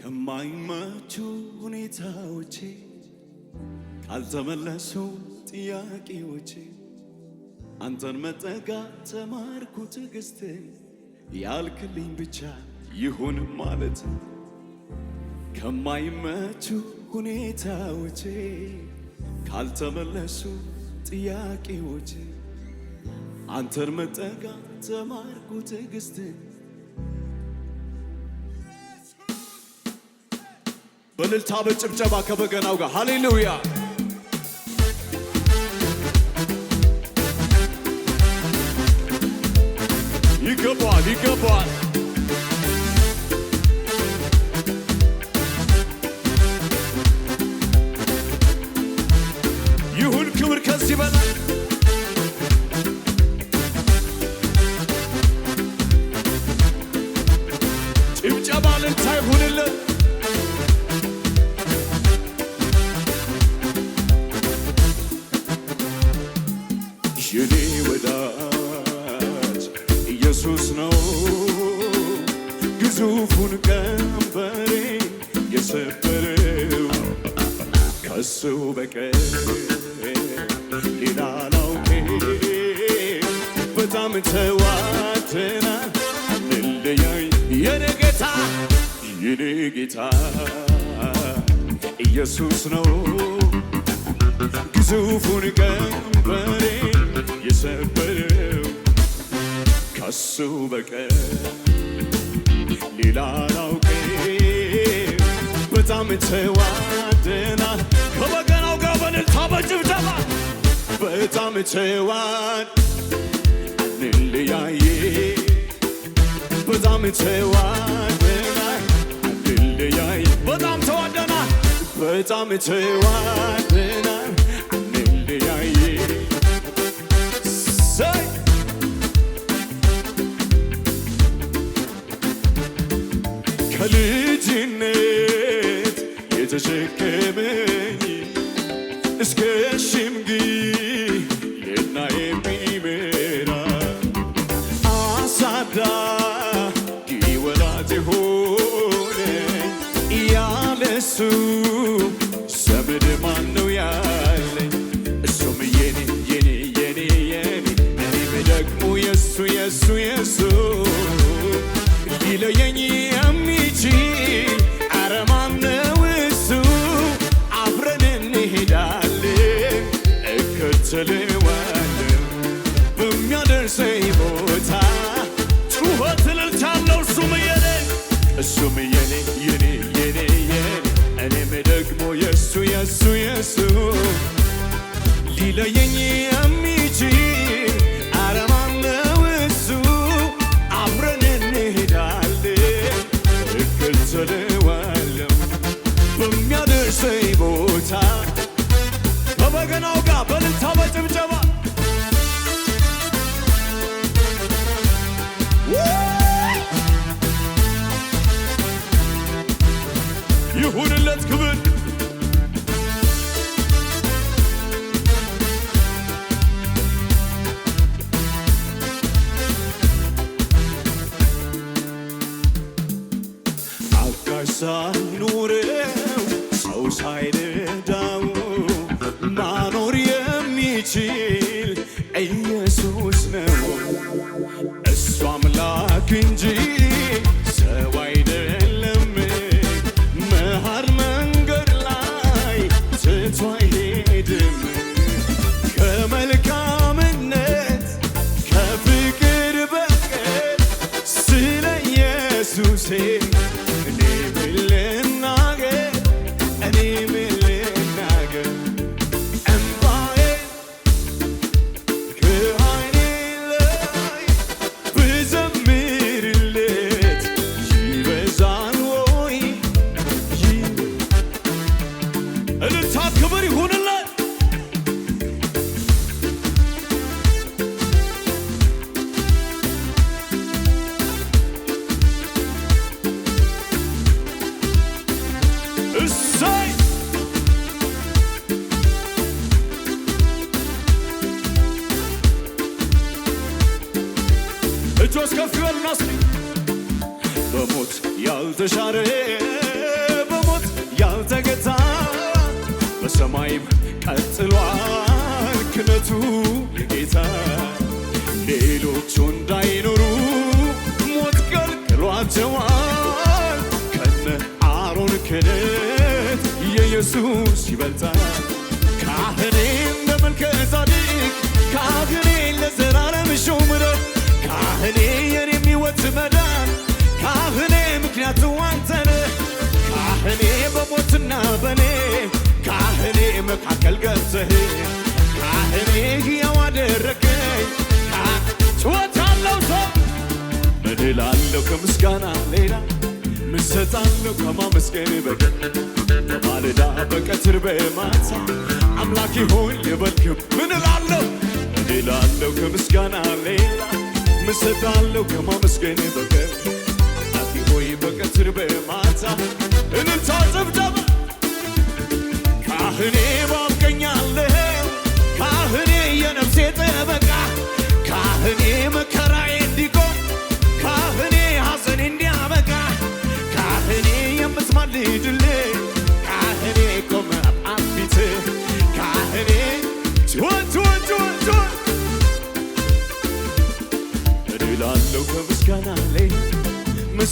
ከማይመቹ ሁኔታዎቼ ካልተመለሱ ጥያቄዎቼ አንተን መጠጋ ተማርኩ ትዕግስትን ያልክልኝ ብቻ ይሁን ማለት ከማይመቹ ሁኔታዎቼ ካልተመለሱ ጥያቄዎቼ አንተን መጠጋ ተማርኩ ትዕግስትን በልልታ በጭብጨባ ከበገናው ጋር ሃሌሉያ ይገባል ይገባል። ከሱ በቀር ሌላ ላውቄ በጣም ተዋትና ልለያይ የኔ ጌታ የኔ ጌታ ኢየሱስ ነው ግዙፉን ቀንበሬ የሰበረው ከሱ በቀር ሌላ ላውቄ በጣም ተዋ በጣም ቸዋል አንለያይ በጣም ቸዋል አንለያይ በጣም ተዋደናል በጣም ቸዋል አንለያይ ከልጅነት የተሸከመ እስከሽምግ ሌትና የሚበራ አሳዳ ወላት ሆነ ያለሱ ዘመድ ማን ነው ያለኝ? እሱም የኔ የኔ የኔ የኔ እኔም ደግሞ የሱ የሱ የሱ ይለየኝ ደግሞ የሱ የሱ የሱ ሊለየኝ ይሁንለት ክብር ሳይኖረው ሰው ሳይረዳው ማኖር የሚችል ኢየሱስ ነው እሱ አምላክ እንጂ እጆች ከፍ በሉና በሞት ያልተሻረ በሞት ያልተገታ በሰማይም ቀጥሏል ክነቱ የጌታ ሌሎቹ እንዳይኖሩ ሞት ቀልቅሏቸዋል ከነ አሮን ክህደት ኢየሱስ ይበልጣል። ካህኔም ለመልከ ጻድቅ ካህኔ ለዘላለም ሹምረ ካህኔ የኔም ሕይወት መዳን ካህኔ ምክንያቱ አንተነ ካህኔ በሞትና በኔ ካህኔ መካከል ገብተህ ካህኔ ሕያው አደረከኝ ችወታለው ሰው ምን እላለሁ ከምስጋና ሌላ ምሰጣለሁ ከማመስገን በቀን በማለዳ በቀትር በማታ አምላክ ሆይ ልበልክም ምን እላለሁ እንዲ ከምስጋና ሌላ ምሰጣለሁ ከማመስገን አምላክ ሆይ በቀትር በማታ ጭብጨባ ካህኔ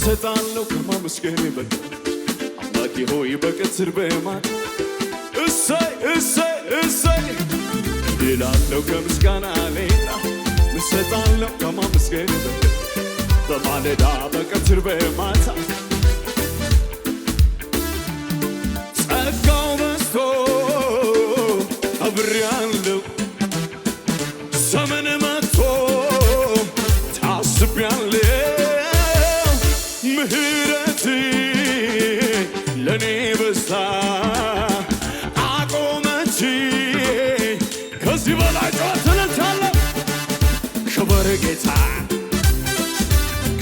እሰጣለሁ ከማመስገን በቀር አምላኬ ሆይ በቀትር በማታ እሰይ እሰይ እሰይ እላለሁ ከምስጋና ሌላ እሰጣለሁ ከማመስገን በቀር በማለዳ በቀትር በማታ ጸጋው በዝቶ አብሬያለሁ ምህረት ለኔ በዛ አቆመች ከዚህ በላይ ጨዋታ ስለቻለ ክብር ጌታ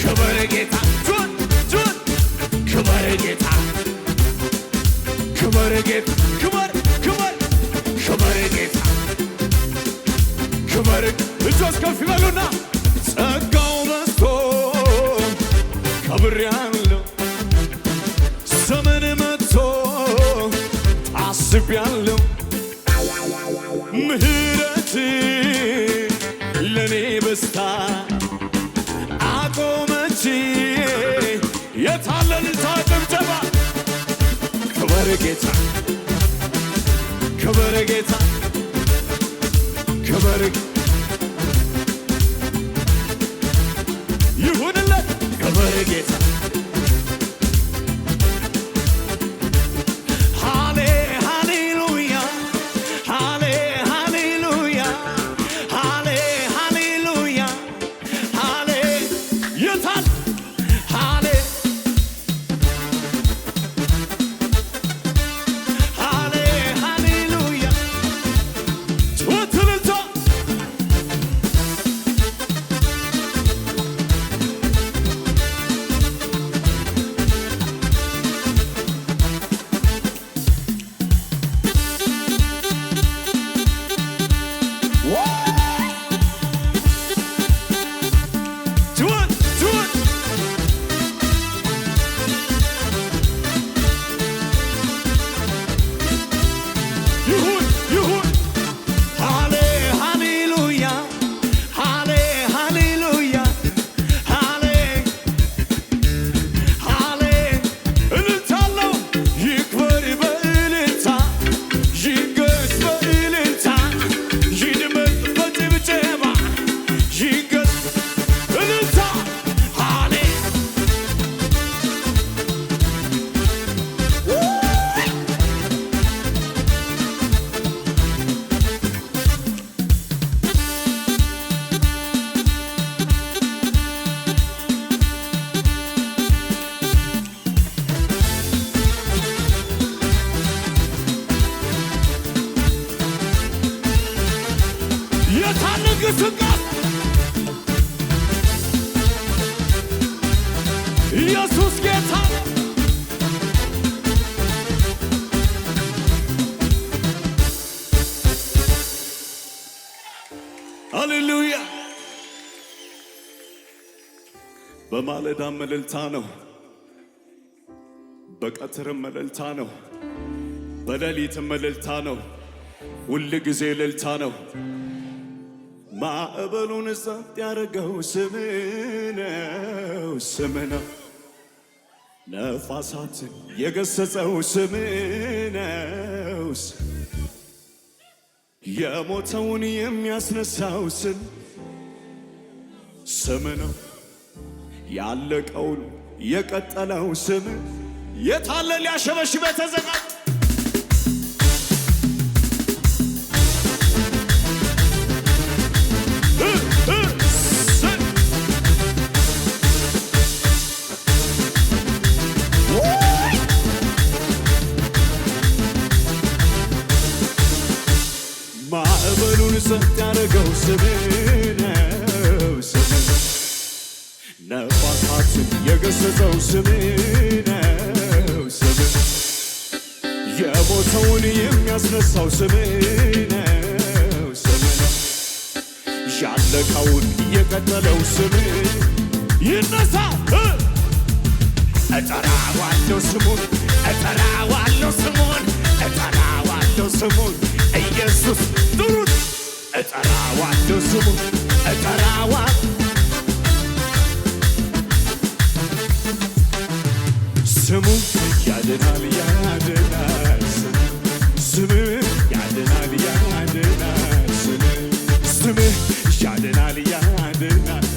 ክብር ጌታ ክብር ጌታ ክብር ጌታ ክብር ጌታ ክብር እጆች ከፍ ይበሉና ጸጋ አስቤያለሁ ምህረት ለእኔ በስታ አቆመች የታለልታ ጭብጨባ ክበር ጌታ ክበር ጌታ ክበር ይሁንለት ክበር ጌታ የብረታን ግስጋሴ ኢየሱስ ጌታ ሃሌሉያ። በማለዳ መልልታ ነው፣ በቀትርም መልልታ ነው፣ በሌሊትም መልልታ ነው፣ ሁል ጊዜ ልልታ ነው። ማዕበሉን ጸጥ ያደረገው ስም ስም ነው። ነፋሳትን የገሰጸው ስምነው የሞተውን የሚያስነሳው ስም ስም ነው። ያለቀውን የቀጠለው ስም የታለ ሊያሸበሽበ ተዘጋጅ ያደረገው ስምህ ነው ስምህ ነፋሳትን የገሰጸው ስምህ ነው ስምህ የሞተውን የሚያስነሳው ስምህ ነው ስምህ ያለቀውን የቀጠለው ስምህ ይነሳ እጠራዋለሁ ስሙን እጠራዋለሁ ስሙን እጠራዋለሁ ስሙን ኢየሱስ እጠራዋለሁ ስሙን እጠራዋለሁ ስሙ ያድናል ያድናል ስሙ ያድናል ያድናል ስሙ ያድናል ያድናል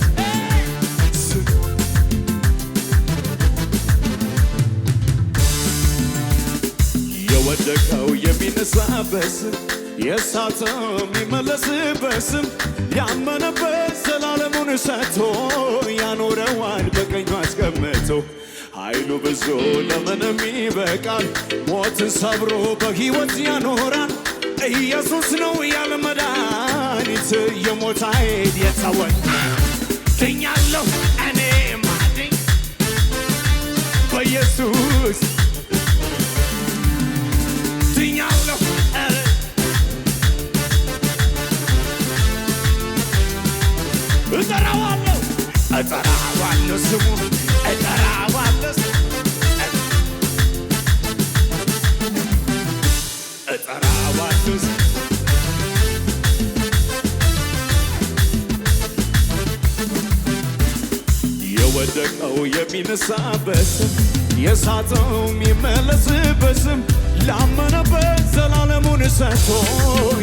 የወደቀው የሚነሳ በስም የሳተው የሚመለስበት ስም ያመነበት ዘላለሙን ሰጥቶ ያኖረዋል በቀኙ አስቀምጦ ኃይሉ ብዙ ለምንም ይበቃል። ሞትን ሰብሮ በሕይወት ያኖራል። ኢየሱስ ነው ያለ መድኃኒት የሞት ኃይል የተወ ትኛለሁ የወደቀው የሚነሳበት ስም የሳተው የሚመለስበት ላመነበት ዘላለሙን ሰጥቶ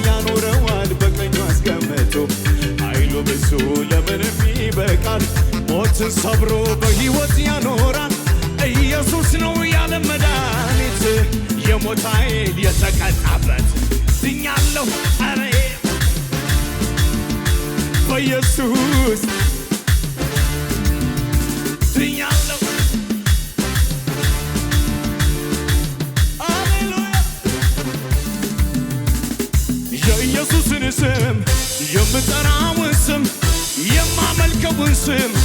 ያኖረዋል በቀኙ አስቀምጦ ኃይሉ ብዙ ለምንም ይበቃል። ሞትን ሰብሮ በሕይወት ያኖራል። ኢየሱስ ነው ያለ መድኃኒት የሞት ኃይል የተቀጣበት ድኛለሁ አረ በኢየሱስ syn